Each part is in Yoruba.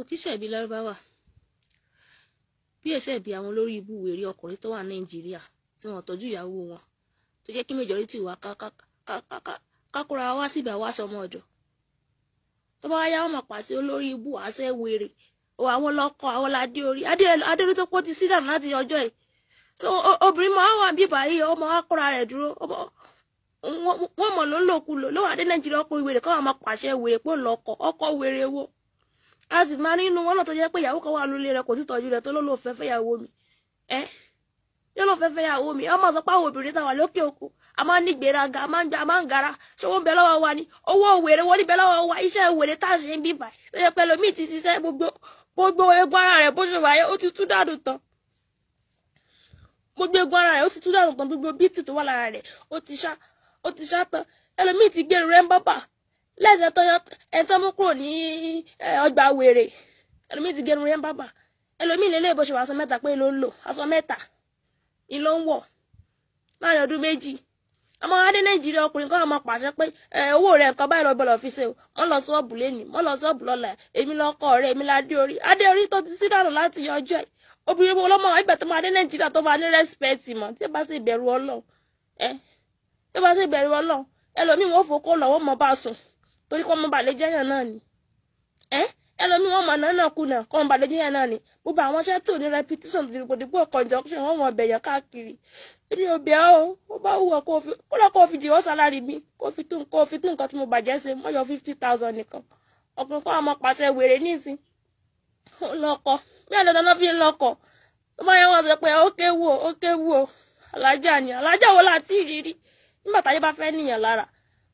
òkìṣẹ́bí lárúbáwá bí ẹ̀ṣẹ̀bí àwọn olórí ibú wèrè ọkùnrin tó wà nàìjíríà tí wọ́n tọ́jú ìyàwó wọn tó jẹ́ kí majority wa kákúra wá síbi àwa sọmọ ọ̀dọ̀ tó bá wáyá wọn máa pàṣẹ olórí ibú àṣẹ wèrè àwọn lọkọ àwọn ládé orí adéorí tó pọ̀ ti sídà láti ọjọ́ yìí so obìnrin máa wà bí báyìí ọmọ akọra rẹ̀ dúró wọ́n mọ̀ ló ń lòkulò ló wà dé nàìjíríà ọkọ wèrè káwọn máa pàṣẹ wèrè pé lọkọ ọkọ wèrè wo. a n'inu máa nínú wọn na tó jẹ́ pé ìyàwó kan wà lólè rẹ̀ kò sì tọ́jú rẹ̀ tó ló lò fẹ́ fẹ́yàwó mi ẹ́ yóò lọ fẹ́ fẹ́yàwó mi ọmọ sọ pé àwọn obìnrin wa loke oko a ma ń a máa ń gara ṣé wọ́n ń bẹ wa ni owó òwèrè wọ́n níbẹ̀ wa ise a ṣe ń bíbà tó jẹ́ pé ti gbogbo gbogbo egun ara rẹ̀ bó ṣe ti gbogbo gbogbo lẹ́sẹ̀ tó yọ ẹ̀tọ́ mú kúrò ní ọgbà wèrè ẹlòmíì ti gẹrun yẹn bàbà ẹlòmíì lè lè bó ṣe wà aṣọ mẹ́ta pé ló ń lò aṣọ mẹ́ta ni ló ń wọ̀ láàrin ọdún méjì ọmọ adé nàìjíríà ọkùnrin kan máa pàṣẹ pé owó rẹ nǹkan báyìí lọ́gbọ́n lọ́ọ́ fi ṣe mọ́ lọ sọ́ọ̀bù lẹ́nìí mọ́ lọ sọ́ọ̀bù lọ́la èmi lọ́kọ̀ rẹ èmi ládé orí adé orí tó ti sí dànù láti ọjọ́ ẹ̀ obìnrin wo lọ́mọ ìgbà tó máa dé nàìjíríà tó máa ní rẹ́sípẹ́ẹ̀tì mọ́ tí ó bá sì bẹ̀rù ọlọ́run ẹ tí ó bá sì bẹ̀rù ọlọ́run ẹlòmíì wọn fò kó lọ́wọ́ mọ́ bá sùn torí kọ́ ọmọ balẹ̀ jẹ́yàn náà ni ẹlòmíì wọn mọ̀ náà náà kùnà kọ́ naanị. balẹ̀ jẹ́yàn náà ni gbogbo àwọn iṣẹ́ tó ní repetition dìbòdìbò conjunction wọn mọ̀ bẹ̀yàn káàkiri èmi ò bẹ̀ nkọ ó bá wùwọ́ kó fi kúrò kó fi dìwọ́ sálárì mi kó fi tún kó fi tún nǹkan tí mo bàjẹ́ ṣe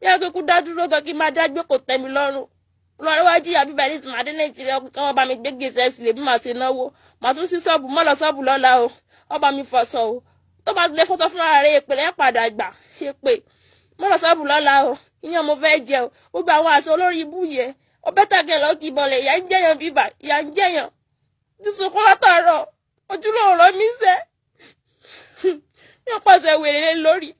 yẹ kí kú dá dúró gan kí máa dágbé kò tẹ́ mi lọ́rùn lọ́rọ́ wá jìyà bíbá ní ìsìn àdé nàìjíríà kí bá mi gbé lè bí màá ṣe náwó màá tún sí ṣọ́ọ̀bù mọ́ lọ o o tó bá lè èpè padà gbà èpè lọ o ìyẹn mo jẹ o àwọn àṣẹ olórí ibú yẹ lọ kí ìyá ń jẹyàn